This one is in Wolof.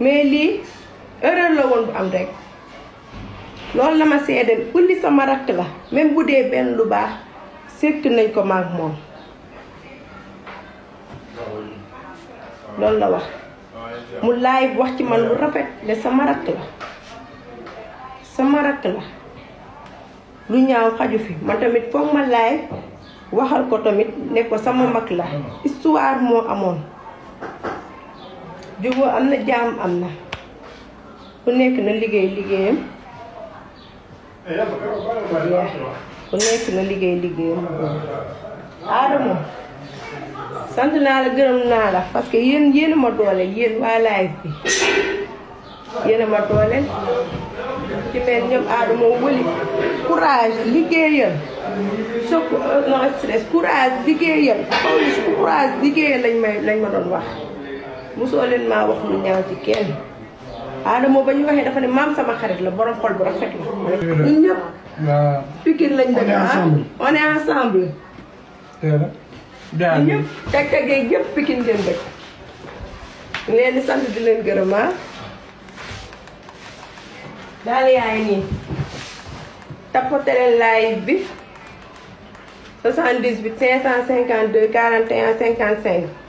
mais lii erreur la woon bu am rek loolu la ma seedeel ulli sama rakk la même bu dee benn lu baax sekk nañ ko maag moom loolu la wax mu laay wax ci man lu rafet le sama rakk la sama rakk la lu ñaaw xaju fi man tamit foog ma laay waxal ko tamit ne ko sama mag la histoire moo amoon juboo am na jaam am na ku nekk na liggéey liggéeyam ku nekk na liggéey liggéeyam Adamo sant naa la gërëm naa la parce que yéen yéen ma dooleel yéen waa live bi yéen a ma dooleel ci mel ñoom Adamo wëli courage liggéeyal soo euh, courage liggéeyal courage liggéeyal lañ may lañ ma doon wax mosoo leen maa wax lu ñaaw ci kenn Adamo ba ñu waxee dafa ne maam sama xarit la borom xol bu rafet la. ñun ñëpp. waaw Pikine lañ def. on est ah. ensemble on est ensemble. daal ñëpp teg tegee yëpp Pikine ngeen dëkk. ñu leen di sant di leen gërëm ah. daal yaay nii. tapotele live bi 78 552 41 55.